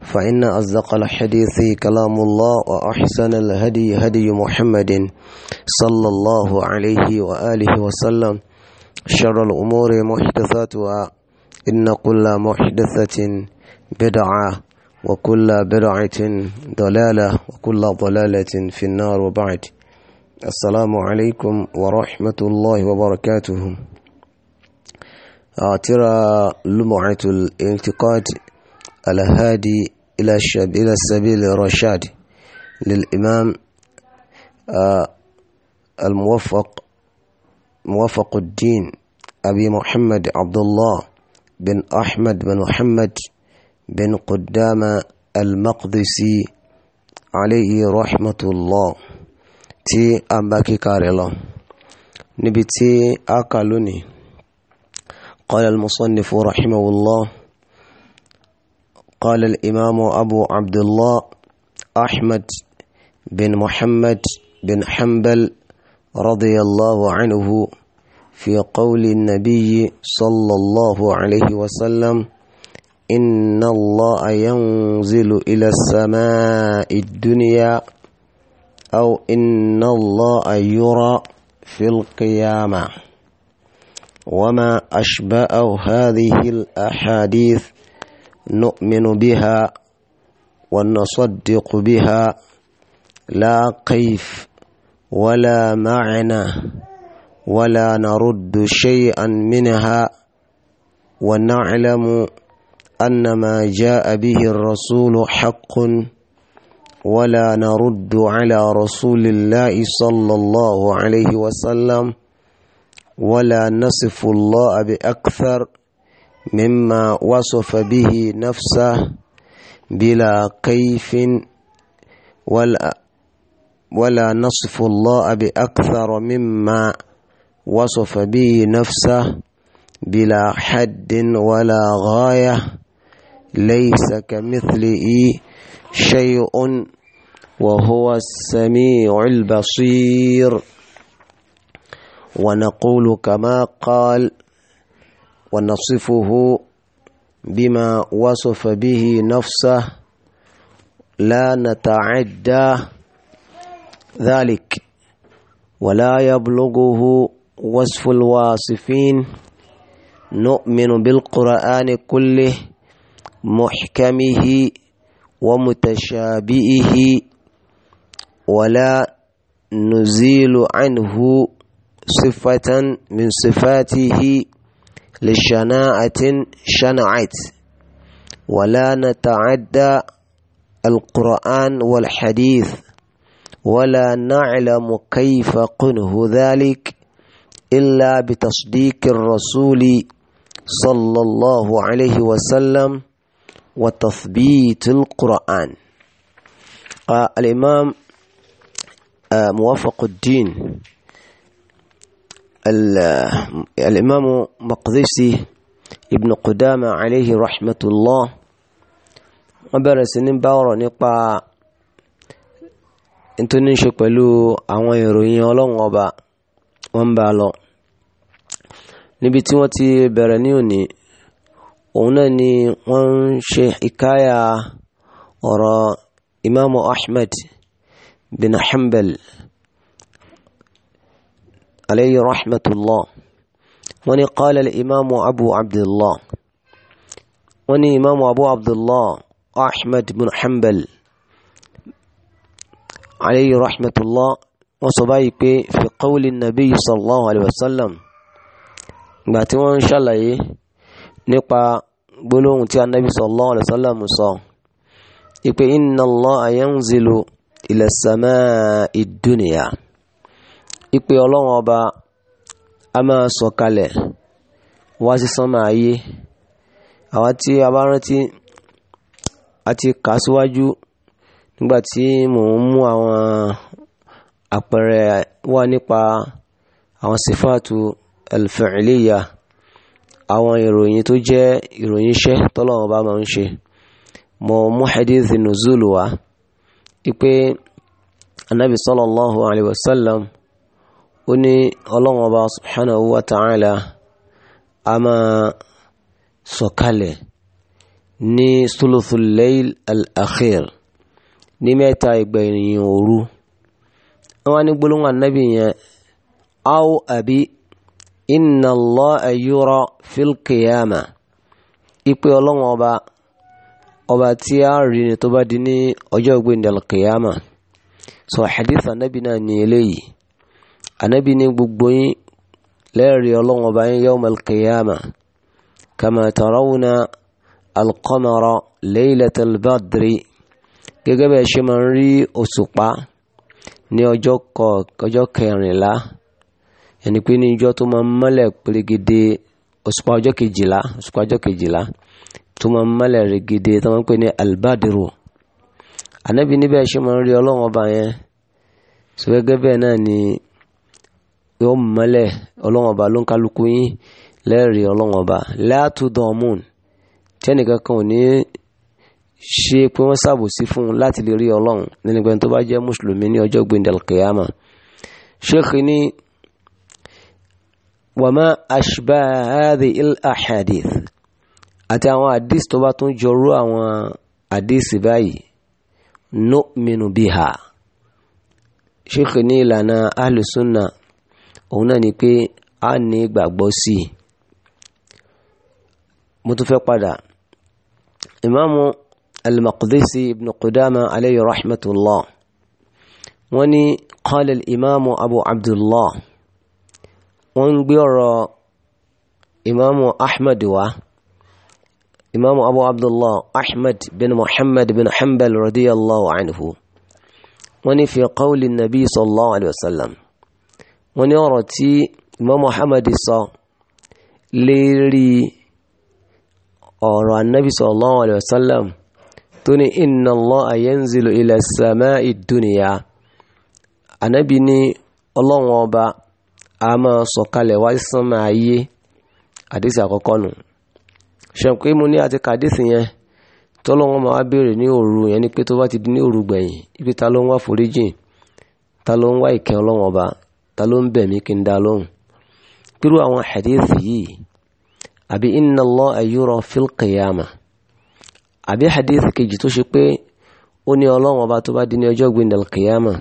فإن أصدق الحديث كلام الله وأحسن الهدي هدي محمد صلى الله عليه وآله وسلم شر الأمور محدثاتها إن كل محدثة بدعة وكل بدعة ضلالة وكل ضلالة في النار وبعد السلام عليكم ورحمة الله وبركاته آه، ترى لمعة الانتقاد الهادي إلى إلى السبيل الرشاد للإمام الموفق موفق الدين أبي محمد عبد الله بن أحمد بن محمد بن قدامة المقدسي عليه رحمة الله تي أمباكي كاريلا نبي تي أكالوني قال المصنف رحمه الله قال الإمام أبو عبد الله أحمد بن محمد بن حنبل رضي الله عنه في قول النبي صلى الله عليه وسلم إن الله ينزل إلى السماء الدنيا أو إن الله يرى في القيامة وما أشبأ هذه الأحاديث نؤمن بها ونصدق بها لا قيف ولا معنى ولا نرد شيئا منها ونعلم أن ما جاء به الرسول حق ولا نرد على رسول الله صلى الله عليه وسلم ولا نصف الله بأكثر مما وصف به نفسه بلا كيف ولا ولا نصف الله بأكثر مما وصف به نفسه بلا حد ولا غاية ليس كمثله شيء وهو السميع البصير ونقول كما قال ونصفه بما وصف به نفسه لا نتعدى ذلك ولا يبلغه وصف الواصفين نؤمن بالقرآن كله محكمه ومتشابئه ولا نزيل عنه صفة من صفاته لشناعة شنعت ولا نتعدى القرآن والحديث ولا نعلم كيف قنه ذلك إلا بتصديق الرسول صلى الله عليه وسلم وتثبيت القرآن آه الإمام آه موافق الدين الإمام مقدسي ابن قدامة عليه رحمة الله وبرا سنين باورا نقا انتو ننشو pẹ̀lú àwọn ìròyìn ọlọ́run ọba wọ́n ń bá a lọ níbi tí wọ́n ti bẹ̀rẹ̀ ní òní òun náà ni wọ́n ń ṣe ìkáyà ọ̀rọ̀ imaamu ahmed bin hanbal عليه رحمة الله وني قال الإمام أبو عبد الله وني إمام أبو عبد الله أحمد بن حنبل عليه رحمة الله وصبايك في قول النبي صلى الله عليه وسلم باتوا إن شاء الله نقع gbólóhùn tí anábì sallallahu alaihi wasallam sọ يقول إن الله ينزل إلى السماء الدنيا ipe ọlọ́run ọba a máa sọ̀kalẹ̀ wá sí sánmà ayé àwa tí a bá rántí a ti kà síwájú nígbà tí mò ń mú àwọn àpẹẹrẹ wá nípa àwọn sífàtù al-fi'liya àwọn ìròyìn tó jẹ́ ìròyìn iṣẹ́ tọ́lọ́run ọba máa ń ṣe mo mú hadith nuzul wá ipe anabi sallallahu alayhi wa sallam ó ní ọlọ́run ọba subhanahu wa ta'ala a máa sọ̀kalẹ̀ ní sulusul layl al-akhir ní mẹ́ta ìgbẹ̀yìn òru wọ́n ní gbólóhùn anábì yẹn aw àbí inna Allaha yura fil qiyama ipe ọlọ́run ọba ọba tí a rí ni tó bá di ní ọjọ́ ìgbẹ̀yìn al-qiyama sọ hadith anábì náà ní eléyìí anabi ní gbogbo yín lẹ́ẹ̀rí ọlọ́run ọba yín yawmal qiyamah kama tarawna alqamara laylatal badri gẹ́gẹ́ bẹ́ẹ̀ ṣe máa ń rí òṣùpá ní ọjọ́ kọjọ́ kẹrìnlá ẹni pé ní ijọ́ tó máa ń mọ́lẹ̀ pérégede òṣùpá ọjọ́ kejìlá òṣùpá ọjọ́ kejìlá tó máa ń mọ́lẹ̀ régede tó máa ń pè ní albadiru anabi níbẹ̀ ṣe máa ń rí ọlọ́run ọba yẹn sọ bẹ́ẹ̀ náà ni yóò mọ́lẹ̀ ọlọ́wọ́n ọba ló ń kálukú yín lẹ́rìí ọlọ́wọ́n ọba látúndọ̀mùn tẹ́nìkan kan ò ní ṣe pé wọ́n ṣàbòsí fún un láti lè rí ọlọ́run nínú ìgbẹ́ni tó bá jẹ́ mùsùlùmí ní ọjọ́ gbendal kiyama sheikh ni wàmá ashba hadhi il ahadith àti àwọn hadith tó bá tún jọrú àwọn hadith báyìí nu'minu biha sheikh ni ìlànà ahlu òun náà ni pé a ní ìgbàgbọ́ sí i mo tún fẹ́ padà ìmáàmù al-Maqdisi ibn Qudama alayhi rahmatullah wọ́n ní qala al-imáàmù abu abdullah wọ́n ń gbé ọ̀rọ̀ ìmáàmù ahmed wa ìmáàmù abu abdullah ahmed bin muhammad bin hanbal radiyallahu anhu wọ́n ní fi qawli nabi sallallahu alayhi wa sallam wọ́n ní ọ̀rọ̀ tí Imam Muhammad sọ lérí ọ̀rọ̀ anabi sallallahu alayhi wa sallam tó ní inna Allaha yanzilu ila sama'i dunya anabi ní ọlọ́run ọba a máa sọ̀kalẹ̀ wá sánmà ayé àdìsí àkọ́kọ́ nù ṣẹ̀pẹ́ mo ní àti kàdísì yẹn tọ́lọ́wọ́n máa béèrè ní òru yẹn ni pé tó bá ti di ní òru gbẹ̀yìn ibi ta ló ń wá foríjìn ta ló ń wá ìkẹ́ ọlọ́run ọba ta ló ń bẹ̀ mí kí n dá lóhùn pírú àwọn hadithi yìí àbí inna Allaha yura fil qiyamah àbí hadithi kejì tó ṣe pé ó ní ọlọ́run ọba tó bá di ní ọjọ́ gbìndàl kìyàmà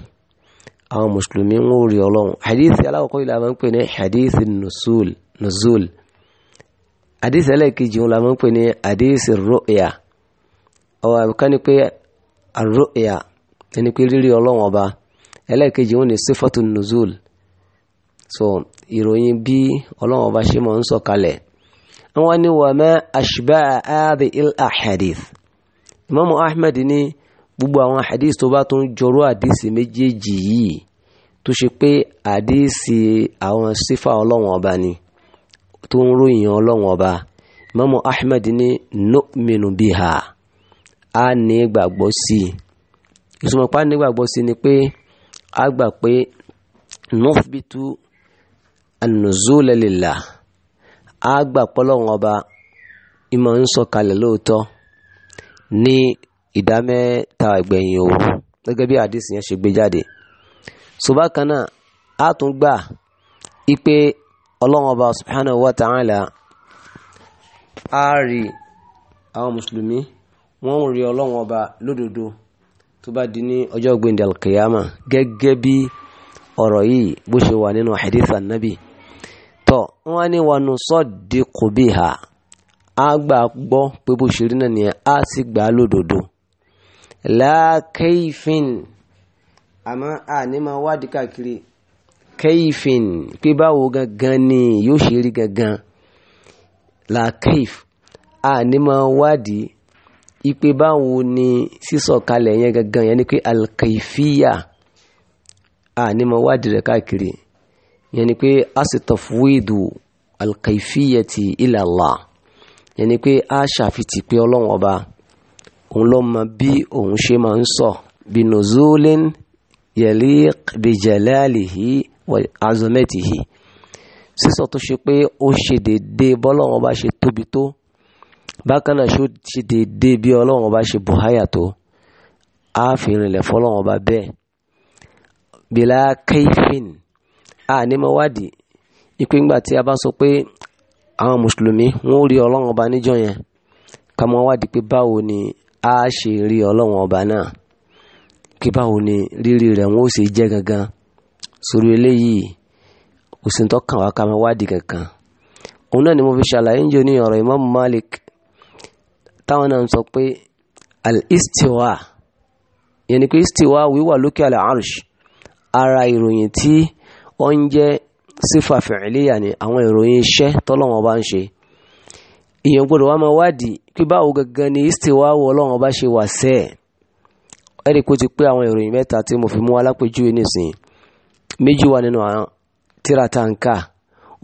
àwọn mùsùlùmí ń rí ọlọ́run hadithi alákọ̀ọ́kọ́ yìí la máa ń pè ní hadithi nuzul nuzul hadithi wọn la ń pè ní hadithi ru'ya ọwọ́ àbíká ni pé ru'ya ẹni pé rírí ọlọ́run ọba ẹlẹ́ẹ̀kejì wọn ni sifatu nuzul so ìròyìn bí ọlọ́run ọba ṣe máa ń sọ kalẹ̀ wọ́n ní wà má àṣìbá àádé il ahadith imam ahmed ní gbogbo àwọn hadith tó bá tún jọrọ àdìsí méjèèjì yìí tó ṣe pé àdìsí àwọn sífà ọlọ́run ọba ni tó ń ròyìn ọlọ́run ọba imam ahmed ní nu'minu biha a ní gbàgbọ́ sí i ìsúnmọ̀pá ní gbàgbọ́ sí i ni pé a gbà pé nuthbitu an-nuzul a á gbà pọ́lọ́wọ́n ọba ìmọ̀ ń sọ̀kalẹ̀ lóòótọ́ ní ìdámẹ́ta ìgbẹ̀yìn òru gẹ́gẹ́ bí àdìsí yẹn ṣe gbé jáde ṣùgbọ́n kan náà tún gbà ipe ọlọ́wọ́n ọba subhanahu wa ta'ala rí àwọn mùsùlùmí rí ọba lódodo tó di ní ọ̀rọ̀ yìí bó ṣe wà nínú hadith anabi tọ́ wọ́n ní wa nusaddiqu biha á gbà gbọ́ pé bó ṣe rí náà nìyẹn á sì gbà á lódodo la kayfin àmọ́ àní máa wádìí káàkiri kayfin pé báwo gangan ni yóò ṣe rí gangan la kayf àní máa wádìí ipe báwo ni sísọ̀kalẹ̀ yẹn gangan yẹn ni pé al-kayfiyya àní mo wádìí rẹ̀ káàkiri yẹn ni pé a sì tafwidu alkaifiyati ila Allah yẹn ni pé a ṣàfitì pé ọlọ́run ọba òun ló mọ bí òun ṣe máa ń sọ bí nuzulin yaliq bi wa azamatihi sísọ tó ṣe pé ó ṣe déédéé bọ́lọ́run ọba ṣe tóbi tó bákan náà ṣe déédéé bí ọlọ́run ọba ṣe bùháyà tó a fi rinlẹ̀ fọlọ́run ọba bẹ́ẹ̀ bila kẹfìn a ní mọ wádìí ìpín gbà tí a bá sọ pé àwọn mùsùlùmí wọn ò rí ọlọ́run ọba níjọ́ yẹn ká mọ wádìí pé báwo ni a ṣe rí ọlọ́run ọba náà kí báwo ni rírí rẹ̀ wọn ò sì jẹ́ gangan sórí eléyìí kò sí wá ká mọ wádìí kankan òun náà ni mo fi ṣàlàyé ń jò ní ọ̀rọ̀ Imam Malik táwọn náà ń sọ pé al-istiwa yẹn ni pé istiwa wíwà lókè àlẹ́ ara ìròyìn tí ó ń jẹ́ sífà fìrìlíyà ni àwọn ìròyìn iṣẹ́ tọ́lọ́wọ́n bá ń ṣe èèyàn gbọ́dọ̀ wá máa wádìí pé báwo gangan ni istiwawo ọlọ́wọ́n bá ṣe wà sẹ́ ẹ̀ ẹ̀rí kó ti pé àwọn ìròyìn mẹ́ta tí mo fi mú alápèjúwe nísìnyí méjì wà nínú àwọn tíratáǹkà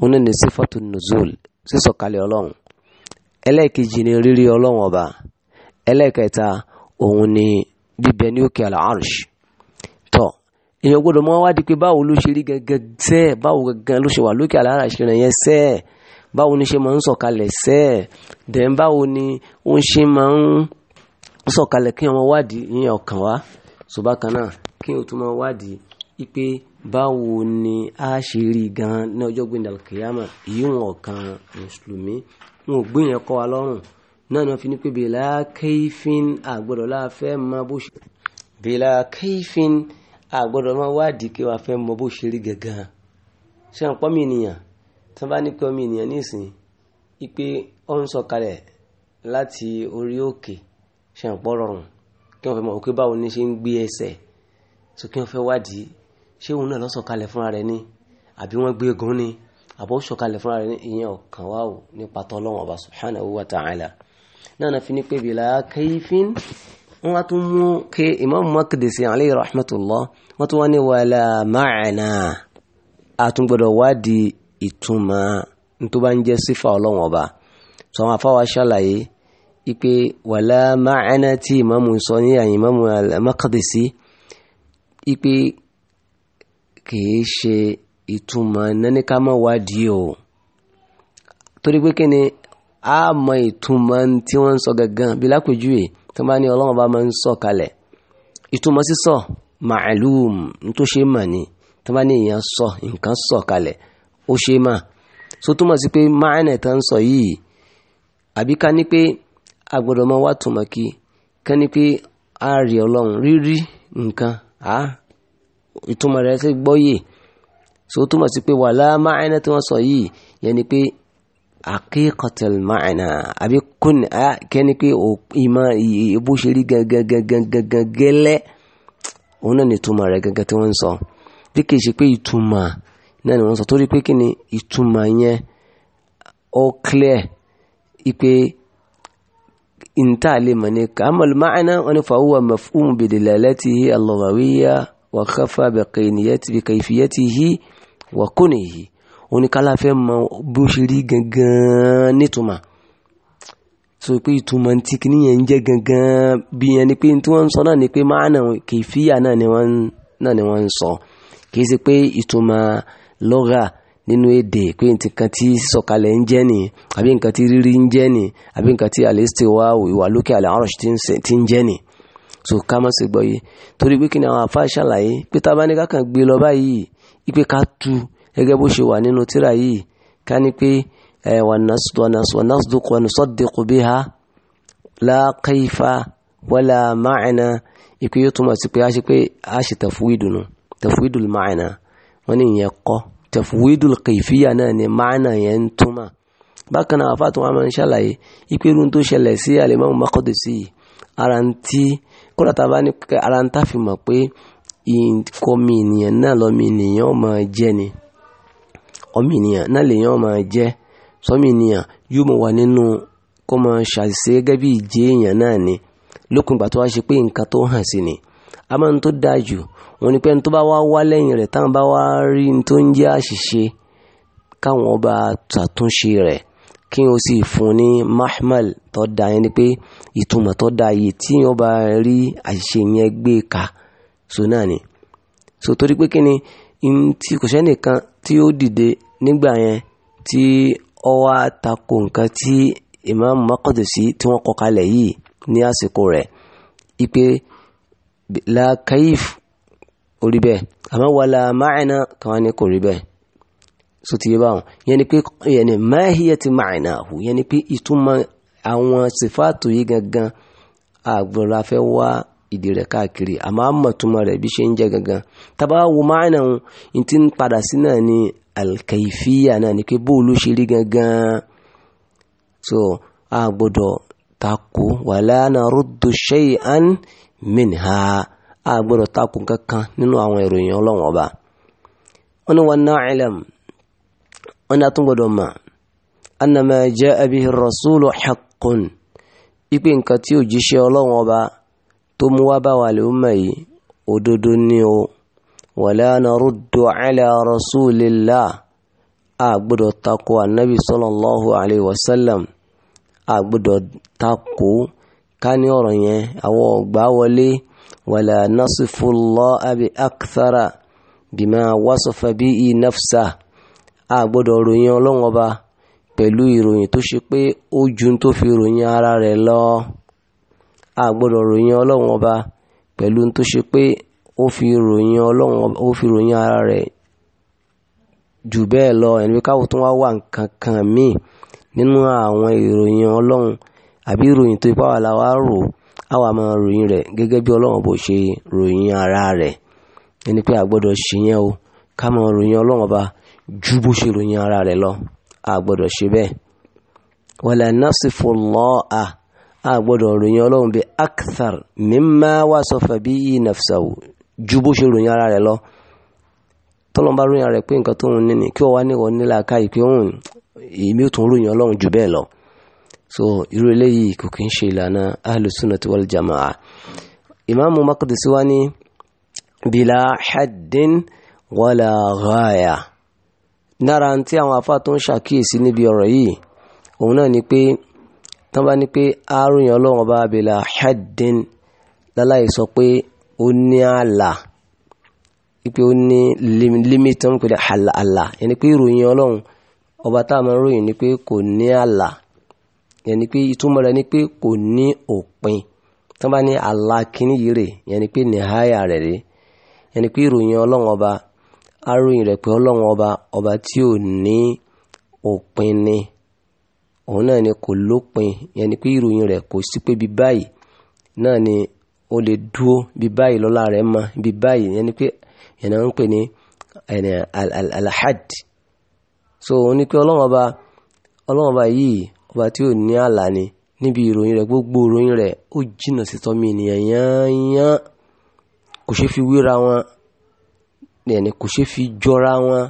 òun ní sífàtú nùzúl sísọ̀kalẹ̀ ọlọ́run ẹlẹ́ẹ̀kejì ni rírí ọlọ́wọ́n ọba ẹlẹ́ẹ̀kẹta òun ni bíbẹ ní òkè àlàárùsì èèyàn gbọ́dọ̀ mọ́ wádìí pé báwo ló ṣe rí gẹ́gẹ́ sẹ́ báwo gẹ́gẹ́ ló ṣe wà lókè àlàárà ìṣẹ̀rẹ̀ yẹn sẹ́ báwo ni ṣe máa ń sọ̀kalẹ̀ sẹ́ dẹ̀n báwo ni ó ń ṣe máa ń sọ̀kalẹ̀ kí ọmọ wádìí ìyẹn ọ̀kan wá ṣùgbọ́n kan náà kí o tún máa wádìí pé báwo ni a ṣe rí gan ní ọjọ́ gbẹ̀ndà kìyàmà ìyíwọ̀n ọ̀kan mùsùlùmí wọn ò gbìyàn kọ́ wa lọ́rùn náà ni wọ́n fi ní pé bèlà kéfín àgbọ̀dọ̀ láàfẹ́ máa bó ṣe bèlà kéfín àgbọ̀dọ̀ máa wádìí kí wàá fẹ́ mọ bó ṣe rí gangan ṣé àwọn pọ́mì ènìyàn tí wọ́n bá ní pé ọmọ ènìyàn nísìn ipe ó ń sọ̀kalẹ̀ láti orí òkè ṣe àwọn pọ́ rọrùn kí wọ́n fẹ́ mọ òkè báwo ni ṣe ń gbé ẹsẹ̀ so kí wọ́n fẹ́ wádìí ṣé òun náà lọ sọ̀kalẹ̀ fúnra rẹ̀ ni àbí wọ́n gbé egun ni àbọ̀ sọ̀kalẹ̀ fúnra rẹ̀ ni ìyẹn ọ̀kan wá o nípa tọ́lọ́wọ̀n ọba subhanahu wa ta'ala náà náà fi ní pé bìlà kayfin wọ́n wá tún mú kí imam makdisi alayhi rahmatullah wọ́n tún wá ní wàhálà máàna àtúngbọ̀dọ̀ wádìí ìtumọ̀ tó bá ń jẹ́ sífà ọlọ́wọ́n ọba sọ wọn afáwa ṣàlàyé ipe wàhálà máàna tí imam sọ ní àyìn imam makdisi ipe kìí ṣe ìtumọ̀ nání ká má o torí pé kí a mọ ìtumọ̀ tí wọ́n ń sọ gangan bí lápèjúwe tó bá ní ọlọ́run bá máa ń sọ kalẹ̀ ìtumọ̀ sísọ màálùm tó ṣe mà ní tó bá ní èèyàn sọ nǹkan sọ kalẹ̀ ó ṣe mà so túmọ̀ sí pé máàna tó ń sọ yìí àbí ká ní pé a gbọ́dọ̀ máa wá túmọ̀ kí ká ní pé a rí ọlọ́run rírí nǹkan á ìtumọ̀ rẹ̀ ṣe gbọ́yè so túmọ̀ sí pé wàhálà máàna tó ń sọ yìí yẹn ni pé àkíkọ̀tẹ̀l máàna àbí kún á kẹ́ni pé ìmọ̀ ìbú ṣe rí gangan gẹ́lẹ́ òun náà ni ìtumọ̀ rẹ̀ gangan tí wọ́n ń sọ bí kìí ṣe pé ìtumọ̀ náà ni wọ́n sọ torí pé kí ni ìtumọ̀ yẹn ó clear ipe ìntàlẹ̀ mọ̀ ní kàmọ́lù máàna wọn ni fàwọ́ bidilalatihi al-lughawiyya wa khafa biqayniyatihi wa kayfiyatihi wa kunihi oníkálá fẹ́ mọ bó ṣe rí gangan nítumà so pé ìtumọ̀ tí kìíní yẹn ń jẹ́ gangan bí yẹn ni pé tí wọ́n ń sọ náà ni pé máa nà kìfíyà náà ni wọ́n ń sọ kìí ṣe pé ìtumọ̀ lọ́gà nínú èdè pé nǹkan tí sọ̀kalẹ̀ ń jẹ́ ni àbí nǹkan tí rírí ń jẹ́ ni àbí nǹkan tí àlèsè wa ìwà lókè àlẹ́ àrùn ti ń jẹ́ ni so ká má ṣe gbọ́ yìí torí pé kí ni àwọn àfáà ṣàlàyé pé tá a gbé lọ báyìí ipe ká tu gẹ́gẹ́ bó ṣe wà nínú tíra yìí ká ní pé wànásùdùkú wànásùdùkú bí ha lákàífà wàlà máàna ìpè yóò túmọ̀ sí pé a ṣe pé a ṣe tẹ̀fúwìdù nù tẹ̀fúwìdù máàna wọ́n ní ìyẹn kọ́ tẹ̀fúwìdù kìfìyà náà ni máàna yẹn ń túmọ̀ bákan náà àfáà tó wọn máa ń ṣàlàyé ìpè irun tó ṣẹlẹ̀ sí alimami Maqdisi yìí ara ń tí kódà tá a bá ní ara ń tàfimọ̀ pé ìkọ́mi ènìyàn náà lọ́mi ènìyàn ọmọ jẹ́ ni ọmọ ènìyàn náà lèèyàn máa jẹ́ sọmọ ènìyàn yóò mọ̀ wà nínú kó máa ṣàṣìṣe gẹ́gẹ́ bí ìjẹ́ èèyàn náà ni lókun ìgbà tó wá ṣe pé nǹkan tó hàn sí ni àmọ́ ní tó dáa jù òun ni pé ní tó bá wá wá lẹ́yìn rẹ̀ táwọn bá wá rí ní tó ń jẹ́ àṣìṣe káwọn ọba ṣàtúnṣe rẹ̀ kí o sì fún ní mahmal tó da yẹn ni pé ìtumọ̀ tó da yìí tí wọ́n bá rí àṣìṣe yẹn gbé ka so náà ni so torí pé kí ni tí kò sẹ́nìkan tí ó dìde nígbà yẹn tí ó wá tako nǹkan tí Imam Maqdisi tí wọ́n kọ kalẹ̀ yìí ní àsìkò rẹ̀ ipe la kaif orí bẹ́ẹ̀ àmọ́ wala ma'na kàwọn ni kò rí bẹ́ẹ̀ so ti yé báwọn yẹn ni pé yẹn ni mahiyati ma'nahu yẹn ni pé ìtumọ̀ àwọn sèfáàtò yìí gangan àgbọ̀nrún afẹ́ wá ìdí rẹ̀ káàkiri àmọ́ àmọ̀túnmọ̀ rẹ̀ bí ṣe ń jẹ́ gangan tábà wo máàna ń ti ń padà sí náà ní alkaifiya náà ni pé bóòlù ṣe rí gangan so a gbọ́dọ̀ takò wala naruddu shay'an minha a gbọ́dọ̀ takò kankan nínú àwọn ìròyìn ọlọ́wọ́n ọba wọn ni wọn náà ilẹ̀m wọn ni a tún gbọ́dọ̀ mọ̀ annama rasulu haqqun ipe nǹkan tí òjíṣẹ́ ọlọ́wọ́n ọba tó mú wá bá wa àlùmọ̀ yìí òdodo ni o wala naruddu ala rasulillah a gbọ́dọ̀ takò anabi sallallahu alayhi wa sallam a gbọ́dọ̀ takò ká ní ọ̀rọ̀ yẹn àwọn ọ̀gbá wọlé wala nasifullaha bi akthara bima wasafa bihi nafsa a ròyìn ọlọ́wọ́n pẹ̀lú ìròyìn tó ṣe pé ó ju tó fi ròyìn ara rẹ̀ lọ a gbọ́dọ̀ ròyìn ọlọ́run ọba pẹ̀lú tó ṣe pé ó fi ròyìn ọlọ́run ó fi ròyìn ara rẹ̀ jù bẹ́ẹ̀ lọ ẹni pé káwọn tó wá wà nǹkan kan míì nínú àwọn ìròyìn ọlọ́run àbí ìròyìn tó ipá wà láwa rò àwa máa ròyìn rẹ̀ gẹ́gẹ́ bí ọlọ́run bò ṣe ròyìn ara rẹ̀ ẹni pé a ṣe yẹn o ká máa ròyìn ọlọ́run ọba ju bó ṣe ròyìn ara rẹ̀ lọ a ṣe bẹ́ẹ̀ wala nasifu Allah a gbọ́dọ̀ ròyìn ọlọ́run bíi akthar mimma wasafa bihi nafsahu ju bó ṣe ròyìn ara rẹ̀ lọ tọ́lọ́n bá ròyìn ara rẹ̀ pé nǹkan tó ń ní kí wọ́n wá ní wọn nílà ká ìpé òun èmi ò tún ròyìn ọlọ́run jù bẹ́ẹ̀ lọ so irú eléyìí kò kí ń ṣe ìlànà ahlus sunnati wal jamaa ìmáàmù Maqdisi wá ní bila haddin wala ghaya nára tí àwọn afá tó ń ṣàkíyèsí níbi ọ̀rọ̀ yìí òun náà ni pé tán bá ní pé aróyìn ọlọ́run ọba abẹ́là haddin láláì sọ pé ó ní àlà ipe ó ní límítì wọn pè ní àlà ẹni pé ìròyìn ọlọ́run ọba tá a máa ń ròyìn ni pé kò ní àlà ẹni pé ìtumọ̀ rẹ̀ ni pé kò ní òpin tán bá ní àlà kínní yìí rè ẹni pé nìháyà rẹ̀ rè ẹni pé ìròyìn ọlọ́run ọba aróyìn rẹ̀ pé ọlọ́run ọba ọba tí ò ní òpin ni òun náà ni kò lópin yẹn ni pé ìròyìn rẹ̀ kò sí pé bí báyìí náà ni ó lè dúró bí báyìí lọ́la rẹ̀ mọ bí báyìí yẹn ni pé yẹn náà ń pè ní alahad so òun ni pé ọlọ́wọ́n ọba ọlọ́wọ́n ọba yìí ọba tí ò ní àlà ni níbi ìròyìn rẹ̀ gbogbo ìròyìn rẹ̀ ó jìnnà sí tọ́mi ènìyàn yányán kò ṣe fi wéra wọn yẹn ni kò ṣe fi jọra wọn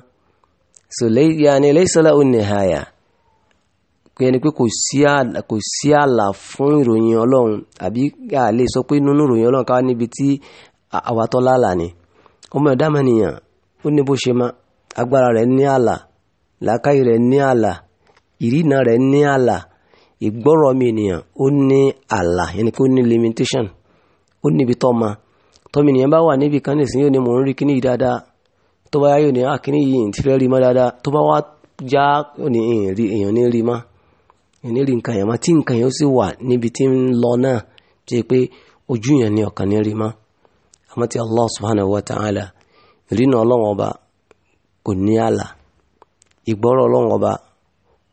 so lẹ́yìn yẹn ni lẹ́yìn sọ́lá ò ní àyà pé ẹni pé kò sí ààlà fún ìròyìn ọlọ́run àbí a lè sọ pé nínú ìròyìn ọlọ́run káwá níbi tí àwàtọ́ lálà ni ọmọ ẹ̀dá mẹ́nìyàn ó ní bó ṣe ma agbára rẹ̀ ní ààlà làákàyè rẹ̀ ní ààlà ìrìnà rẹ̀ ní ààlà ìgbọ́rọ̀ ọmọ ènìyàn ó ní ààlà ẹni pé ó ní limitation ó níbi tọ́ ma tọ́mọ ènìyàn bá wà níbi kan nìsín yóò ní mò ń rí kíní yìí dáadáa tó bá yá yóò ní kíní yìí ti fẹ́ rí mọ́ dáadáa tó bá wá já èèyàn ní rí mọ́ ìnírí nǹkan yẹn mọ́ tí nǹkan yẹn ó sì wà níbi tí ń lọ náà tí pé ojú yẹn ni ọ̀kan ní rí mọ́ àmọ́ tí Allah subhanahu wa ta'ala ìrìnà ọlọ́run ọba kò ní àlà ìgbọ́rọ̀ ọlọ́run ọba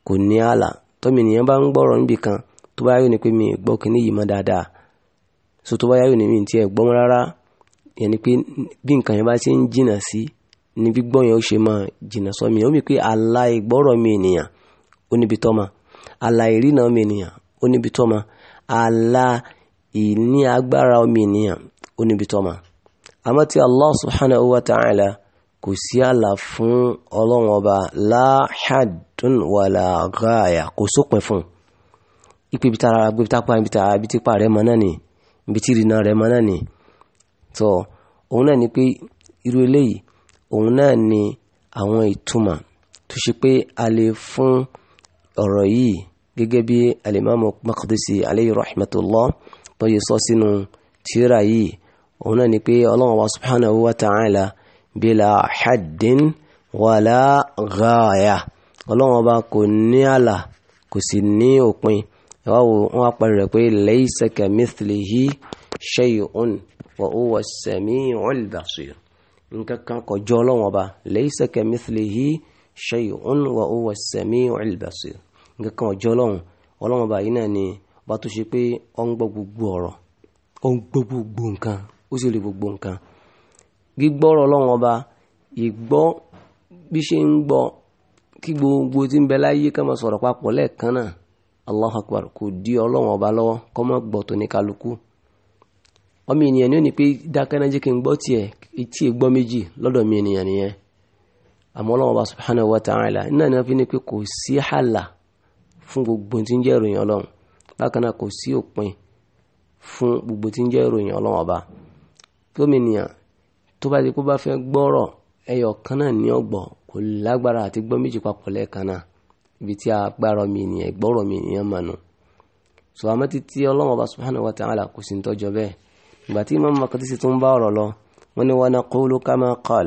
kò ní àlà tọ́mi ènìyàn bá ń gbọ́rọ̀ níbì kan tó bá yáyò ni pé mi gbọ́ kíní yìí mọ́ dáadáa ti gbọ́ rárá yẹn ni sọ ó mi pé àlà mi ènìyàn ó àlà ìrìnà ọmọ ènìyàn ó níbi tó ma àlà ìní agbára ọmọ ènìyàn ó níbi ma àmọ́ tí allah subhanahu wa ta'ala kò sí àlà fún ọlọ́run ọba láhàdùn wà láàgáyà kò sópin fún ipe ibi tára gbé tápá ibi tára ibi típa rẹ̀ mọ náà ni ibi tí ìrìnà rẹ̀ mọ náà ni tó òun náà ni pé irú eléyìí òun náà ni àwọn ìtumọ̀ tó ṣe pé a lè fún ọ̀rọ̀ yìí gẹ́gẹ́ bí alimami Maqdisi aleyhi rahmatullah tó yẹ sọ sínú tírà yìí òun náà ni pé ọlọ́run wa subhanahu wa ta'ala bila haddin wala ghaya ọlọ́run ọba kò ní àlà kò sì ní òpin ìwà wo wọn á parí rẹ̀ pé laysa kamithlihi shay'un wa huwa as-sami'ul basir nǹkan ọlọ́run ọba laysa kamithlihi shay'un wa huwa as-sami'ul nǹkan kan ọjọ́ ọlọ́run ọlọ́run ọba yìí náà ni ọba tó ṣe pé ó ń gbọ́ gbogbo ọ̀rọ̀ ń gbọ́ gbogbo nǹkan ó sì gbogbo nǹkan gbígbọ́rọ̀ ọlọ́run ọba ìgbọ́ bí ṣe ń gbọ́ kí gbogbo tí ń bẹ láyé ká máa sọ̀rọ̀ papọ̀ lẹ́ẹ̀kan náà Akbar kò di ọlọ́run ọba lọ́wọ́ kọ́ mọ́ gbọ́ tó ní kálukú ọmọ ènìyàn ni ó ní pé dákẹ́ náà jẹ́ kí n gbọ́ tiẹ̀ etí gbọ́ méjì lọ́dọ̀ mi ènìyàn nìyẹn àmọ́ ọlọ́run ọba subhanahu wa ta'ala náà ni wọ́n fi ní pé kò sí fún gbogbo tí ń jẹ́ ìròyìn ọlọ́run bákan náà kò sí òpin fún gbogbo tí ń jẹ́ ìròyìn ọlọ́run ọba tómìnìyàn tó bá ti kó bá fẹ́ gbọ́rọ̀ ẹyọ kan náà ní ọ̀gbọ̀ kò lágbára àti gbọ́ méjì papọ̀ lẹ́ẹ̀kan náà ibi tí agbára mi ènìyàn ìgbọ́rọ̀ mi ènìyàn mọ̀nù sọ àmọ́ títí ọlọ́run ọba subhanahu wa ta'ala kò sí ń tọ́jọ bẹ́ẹ̀ ìgbà tí imam makati sì tún bá ọ̀rọ̀ lọ wọ́n ní wọn naqulu kama qal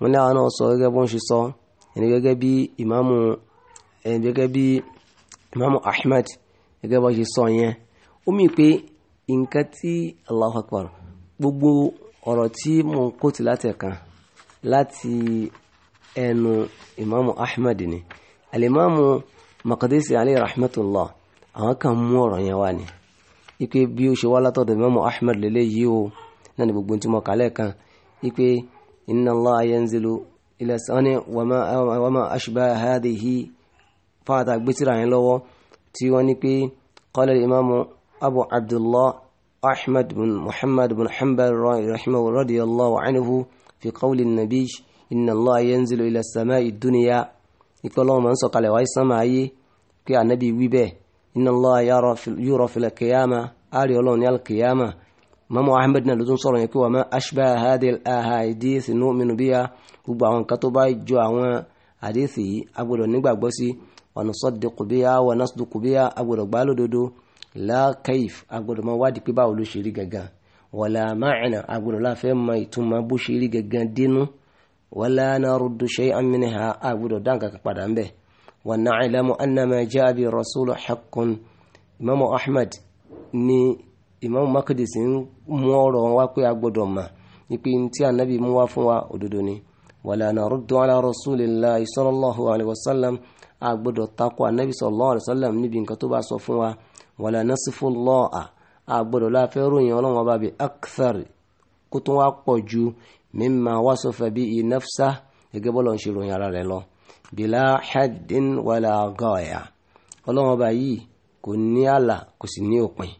wọ́n ní àwọn náà sọ gẹ́gẹ́ bó ń ṣe sọ ẹni gẹ́gẹ́ bí ìmáàmù ẹni gẹ́gẹ́ bí imamu ahmed gẹ́gẹ́ bá ṣe sọ yẹn ó mì pé nǹkan tí Allahu Akbar gbogbo ọ̀rọ̀ tí mo ń kóòtù láti ẹ̀kan láti ẹnu imamu ahmed ni alimamu makadesi alayhi rahmatullah àwọn kan mú ọ̀rọ̀ yẹn wá ni ipe bí ó ṣe wá látọ̀dọ̀ imamu ahmed lélẹ́yìí o náà ni gbogbo tí mo kà lẹ́ẹ̀kan ipe inna Allah yanzilu ila sani wama ashba hadhihi fáwọn àgbé tírà yẹn lọ́wọ́ tí wọ́n ní pé qala al-imam abu abdullah ahmed bin muhammad bin hanbal rahimahu radiyallahu anhu fi qawli nabi inna allah yanzilu ila samai dunya ìpẹ́lọ́wọ́n máa ń sọ̀kalẹ̀ wáyé sánmà ayé pé ànábì wí bẹ́ẹ̀ inna allah yura fil qiyama ari ọlọ́run ní al-qiyama ahmed náà ló tún sọ̀rọ̀ yẹn pé wà má ashbah hadil ahadith nu'minu biha gbogbo àwọn nǹkan bá jọ àwọn àdéhìí agbọ́dọ̀ nígbàgbọ́ sí ونصدق بها ونصدق بها أقول أقبال دودو لا كيف أقول ما وادي ببا ولو شريك ولا معنى أقول لا فما يتم بو شريك دينو ولا نرد شيئا منها أقول دانك قدام به ونعلم أن ما جاء برسول حق إمام أحمد ni imam makadisi ń mú ọ̀rọ̀ wa pé a gbọ́dọ̀ mà ipe tí anabi mú wa fún wa òdodo ni wàlànà rúdùn ala rasulillah sallallahu alayhi wa sallam a gbọ́dọ̀ takò anabi sallallahu alaihi wasallam níbi nǹkan tó bá sọ fún wa wala nasifullah a gbọ́dọ̀ láfẹ́ ròyìn ọlọ́run ọba bíi akthar kó tó wá pọ̀ ju mimma wasafa bihi nafsa gẹ́gẹ́ bọ́lọ̀ ń ṣe ròyìn ara rẹ̀ lọ bila haddin wala gaya ọlọ́run ọba yìí kò ní àlà kò sì ní òpin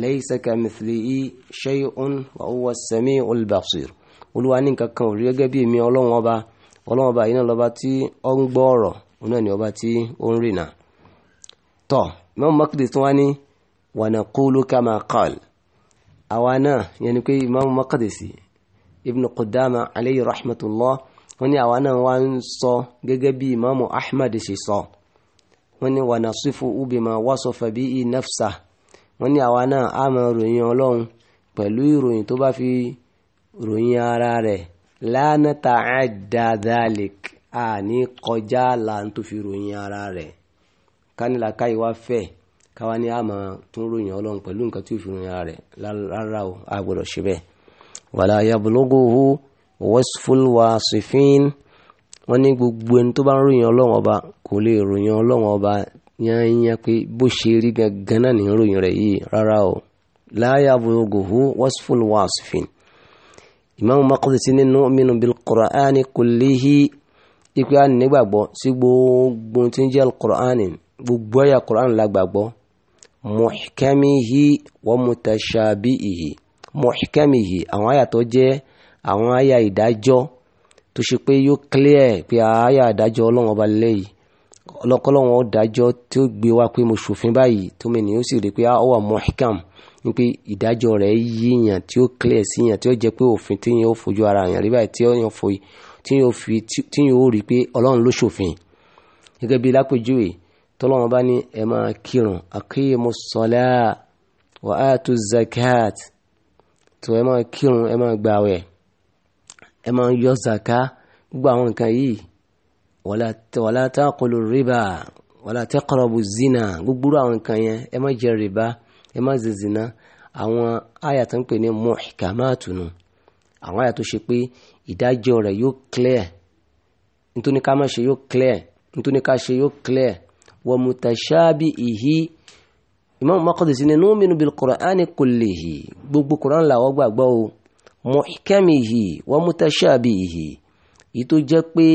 laysa kamithlihi shay'un wa huwa as-sami'ul basir ní nǹkan kan ò rí gẹ́gẹ́ bí èmi ọlọ́run ọba ọlọ́run ọba yìí náà lọ́ba tí ó ń gbọ́ ọ̀rọ̀ òun náà ni ọba tí ó ń rìnà tọ́ Imam Maqdisi tí wọ́n ní wa naqulu kama qal àwa náà yẹn ni pé Imam Maqdisi Ibn Qudama alayhi rahmatullah wọ́n ní àwa náà wá ń sọ gẹ́gẹ́ bí Imam Ahmad ṣe sọ wọ́n ní wa nasifu bima wasafa bihi nafsa wọ́n ní àwa náà á máa ròyìn ọlọ́run pẹ̀lú ìròyìn tó bá fi ròyìn ara rẹ̀ la nata'adda dhalik àní kọjá là ń tó fi ròyìn ara rẹ̀ kánilà káyìí wá fẹ́ káwa ní àmọ́ tún ròyìn ọlọ́run pẹ̀lú nǹkan tí ò fi ròyìn ara rẹ̀ rárá o a gbọ́dọ̀ ṣe bẹ́ẹ̀. wàlá yablughuhu wasful wasifin wọ́n ní gbogbo ẹni tó bá ń ròyìn ọlọ́run ọba kò lè ròyìn ọlọ́run ọba yányán pé bó ṣe rí gangan náà ní ròyìn rẹ̀ yìí rárá o la yablughuhu wasful wasifin. ìmáàmù Maqdisi nínú nu'minu bil Qur'ani kullihi ipe a nígbàgbọ́ sí gbogbo tí ń jẹ́ alukur'an gbogbo ẹ̀yà alukur'an la gbàgbọ́ muhkamihi wa mutashabihi muhkamihi àwọn àyà tó jẹ́ àwọn àyà ìdájọ́ tó ṣe pé yóò clear pé àyà ìdájọ́ ọlọ́run ọba lẹ́yìn ọlọ́kọ́lọ́run ó dájọ́ tí ó gbé wá pé mo ṣòfin báyìí tó mi nìyó sì rí pé ó wà muhkam pé ìdájọ́ rẹ̀ yíyàn tí ó clear síyàn tí ó jẹ́ pé òfin tí yẹn ó fojú ara yàn rí báyìí tí ó yàn tí yóò fi tí yóò rí pé ọlọ́run ló ṣòfin gẹ́gẹ́ bí lápèjúwe tọ́lọ́run bá ní ẹ máa kírun akéemu sọlá wà á tu zakat tó ẹ máa kírun ẹ máa gbàwẹ̀ ẹ máa yọ zaka gbogbo àwọn nǹkan yìí wàlá taqulu rìbá wàlá taqrabu zina gbogbo àwọn nǹkan yẹn ẹ má jẹ rìbá ẹ má ṣe àwọn àyà tó ń pè ní muhkamatunu àwọn àyà tó ṣe pé ìdájọ́ rẹ̀ yóò clear nítorí ká má ṣe yóò clear nítorí ká ṣe yóò clear wa mutashabihi Imam Maqdisi ní nu'minu bil Qur'ani kullihi gbogbo Qur'an làwọn gbàgbọ́ o muhkamihi èyí tó jẹ́ pé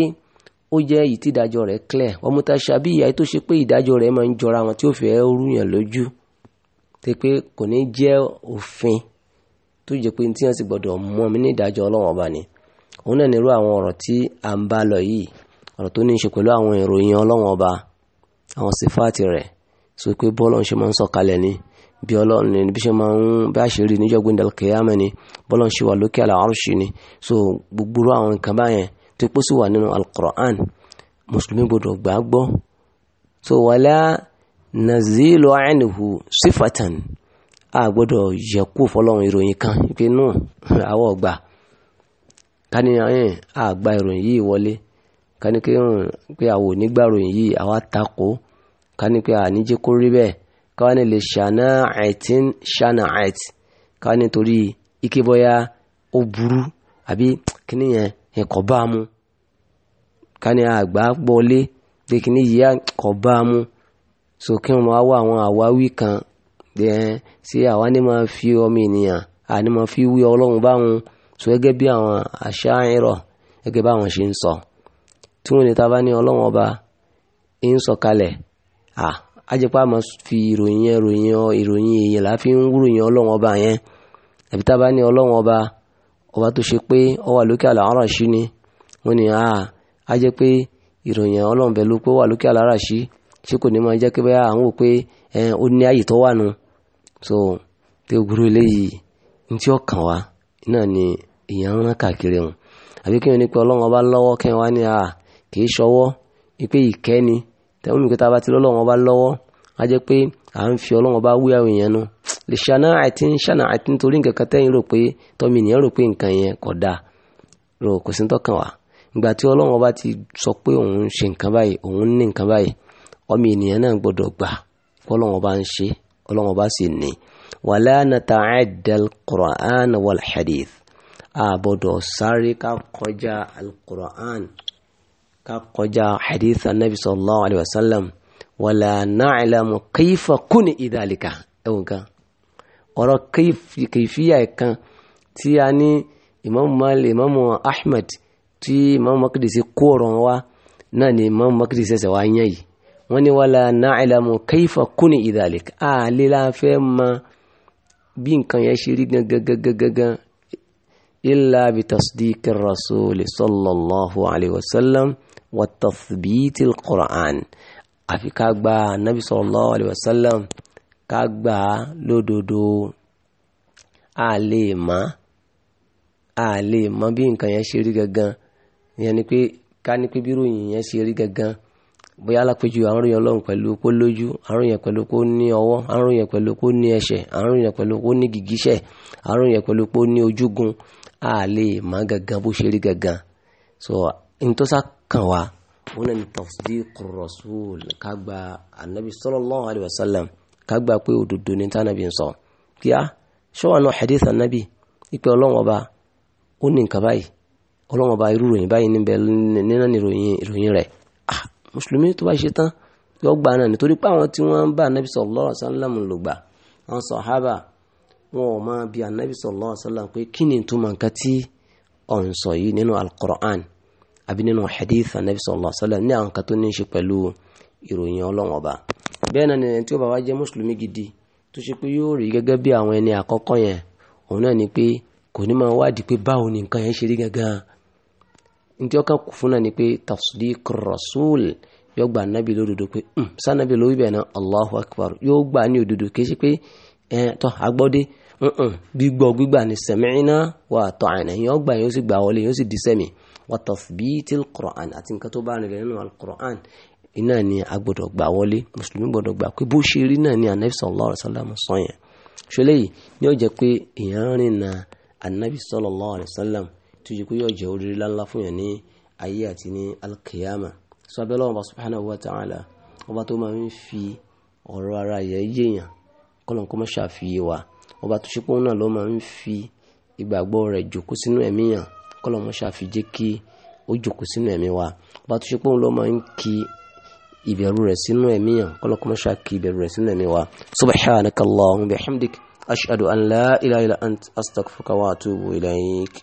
ó jẹ́ èyí tí ìdájọ́ rẹ̀ clear tó ṣe pé ìdájọ́ rẹ̀ máa ń jọra wọn tí ó fẹ́ lójú tí pé kò ní jẹ́ òfin tó jẹ́ pé tí wọ́n sì gbọ́dọ̀ mọ́ mi ní ìdájọ́ ọba ni. òun náà nírú àwọn ọ̀rọ̀ tí a ń bá lọ yìí ọ̀rọ̀ tó ní í ṣe pẹ̀lú àwọn ìròyìn ọlọ́run ọba àwọn sífáàtì rẹ̀ sọ pé bí ṣe máa ń sọ̀kalẹ̀ ni bí ọlọ́run ní bí ṣe máa ń bá ṣe rí níjọ́ ni bí ṣe wà lókè àlàárùṣì ni so gbogbo àwọn nǹkan báyẹn tó pọ̀ sí wà nínú alukur'an mùsùlùmí gbọdọ̀ gbà gbọ́ so wàlá nazilu anhu sifatan, a gbọdọ̀ yẹ̀kú fọlọ́run ìròyìn kan pé nù àwọ̀ gbà ká ní ẹ̀yìn àgbà ìròyìn yìí wọlé ká ní pé àwọn onígbà ìròyìn yìí àwa takò ká ní pé àníjẹ́ kó rí bẹ́ẹ̀ ká wá ní lè ṣànà àìtí ṣànà àìtí ká wá nítorí ike bọ́yá ó burú àbí kíní yẹn yẹn kò bá a mu ká ní àgbà gbọ́lé pé kíní yìí kò bá a mu so kí wọ́n wá àwọn àwáwí kan ṣé àwa ní máa fi ọmọ ènìyàn àní máa fi wí ọlọ́run báwọn. so gẹ́gẹ́ bí àwọn àṣàyìnrọ̀ gẹ́gẹ́ báwọn ṣe ń sọ tí wọ́n ní ta bá ní ọlọ́wọ́n ọba ń sọ kalẹ̀ à ajẹ́pá máa fi ìròyìn yẹn ròyìn ìròyìn èèyàn láfi ń wúròyìn ọlọ́wọ́n ọba yẹn àbí ta a bá ní ọlọ́wọ́n ọba ọba tó ṣe pé ó wà lókè ni wọ́n ní à á pe pé ìròyìn ọlọ́run bẹ̀ ló pé wà lókè ṣé kò ní máa jẹ́ pé pé ó ní tó wà nù so tí ó gbúrú eléyìí ní tí ni èèyàn ń rán káàkiri wọn àbí kí wọn ní pé ọlọ́run ọba lọ́wọ́ kí wọn ní a kì í ṣọwọ́ pé ìkẹ́ ni tẹ́wọ́n mi kí tá a bá ti lọ́lọ́run ọba lọ́wọ́ a jẹ́ pé à ń fi ọlọ́run ọba wí àwọn èèyàn nu lè ṣàná àti ń ṣàná àti nítorí nǹkan kan tẹ́yìn rò pé tọ́mi ènìyàn rò pé nǹkan yẹn kò dáa rò kò sí tọ́kàn wá ìgbà tí ọlọ́run ọba ti sọ pé òun ṣe nǹkan báyìí òun ní nǹkan báyìí ọmọ ènìyàn náà gbọ́dọ̀ gbà ọlọ́run ọba ń ṣe ọlọ́run ọba sì ní wàlẹ́ àna ta'addal Qur'an wal hadith àbọ̀dọ̀ sáré ká kọjá alukur'an ká kọjá hadith anabi sallallahu alayhi wa sallam wàlá na'lamu kayfa kúni ìdálíkà ẹ̀wọ̀n kan ọ̀rọ̀ kayfiya kan tí a ní imamu mali imamu ahmed tí imamu makidisi kó ọ̀rọ̀ wa náà ni imamu makidisi ẹsẹ̀ wa yẹn yìí wọ́n ní wàlá na'lamu kayfa kúni ìdálíkà àlélàfẹ́ máa bí nǹkan yẹn ṣe rí gangan gangan إلا بتصديق الرسول صلى الله عليه وسلم وتثبيت القرآن àfi ká gba anabi sallallahu alayhi wa sallam ká gbà á lódodo a lè mọ a lè mọ bí nǹkan yẹn ṣe rí gangan ìyẹn ni pé ká ní pé bí ròyìn yẹn ṣe rí gangan bóyá alápèjú àrùn yẹn ọlọ́run pẹ̀lú kó lójú àrùn yẹn pẹ̀lú kó ní ọwọ́ àrùn yẹn pẹ̀lú kó ní ẹsẹ̀ àrùn yẹn pẹ̀lú kó ní gìgísẹ̀ àrùn yẹn pẹ̀lú kó ní ojúgun a lè mọ gangan bó ṣe rí gangan so ntọ́sà kan wa wọn náà ní tasdiqur rasul ká gba anabi sallallahu alayhi wa sallam ká gba pé òdodo ní tànàbí ń sọ kí á ṣọ́wọ́n náà hadith anabi ipe ọlọ́wọ́n ọba ó ní nǹkan báyìí ọlọ́wọ́n ọba irú ròyìn báyìí níbẹ̀ nínú ìròyìn ìròyìn rẹ̀ ah mùsùlùmí tó bá ṣe tán yọ gbà náà nítorí pé àwọn tí wọ́n ń bá anabi sallallahu alayhi wa sallam lò gbà àwọn sàhábà wọn ò máa bi anabi sallallahu alaihi wasallam pé kí ni ìtumọ̀ nǹkan tí ọ̀ ń sọ yìí nínú al-Qur'an àbí nínú hadith anabi sallallahu alaihi wasallam ní àwọn kan tó ní í ṣe pẹ̀lú ìròyìn ọlọ́wọ́n ọba bẹ́ẹ̀ náà ni ẹni tí ó bá wá jẹ́ mùsùlùmí gidi tó ṣe pé yóò rí gẹ́gẹ́ bí àwọn ẹni àkọ́kọ́ yẹn òun náà ni pé kò ní máa wádìí pé báwo ni nǹkan yẹn ṣe rí gangan ntí ọkàn kù fún náà ni pé hmm, tọ́ Uh-uh. gbígbọ́ gbígbà ni sami'na wa ata'na yóò gbà yóò sì gbà wọlé yóò sì di sẹ́mi wa tathbitil Qur'an àti nǹkan tó bá rìn nínú al-Qur'an iná ni a gbọ́dọ̀ gbà wọlé mùsùlùmí gbọ́dọ̀ gbà pé bó ṣe rí náà ni anabi sallallahu alayhi wa sallam sọ yẹn ṣọlẹ́ yìí ni ó jẹ́ pé èèyàn rìn na anabi sallallahu alayhi wa tó yẹ kó yóò jẹ́ oríire láńlá fún yẹn ní ayé àti ní al-qiyama sọ abẹ́lẹ́ wa ta'ala ọba tó máa ń fi ọ̀rọ̀ ara yẹn yéèyàn kọ́lọ́n kó má ọba tó ṣe pé òun náà ló máa ń fi ìgbàgbọ́ rẹ̀ jòkó sínú ẹ̀mí yàn kọ́lọ́mọṣà fi jẹ́ kí ó jòkó sínú ẹ̀mí wa ọba tó ṣe pé òun ló máa ń kí ìbẹ̀rù rẹ̀ sínú ẹ̀mí yàn kọ́lọ́mọṣà kí ìbẹ̀rù rẹ̀ sínú ẹ̀mí wa subhanakallahumma bihamdik ashhadu an la ilaha illa ant astaghfiruka wa atubu ilayk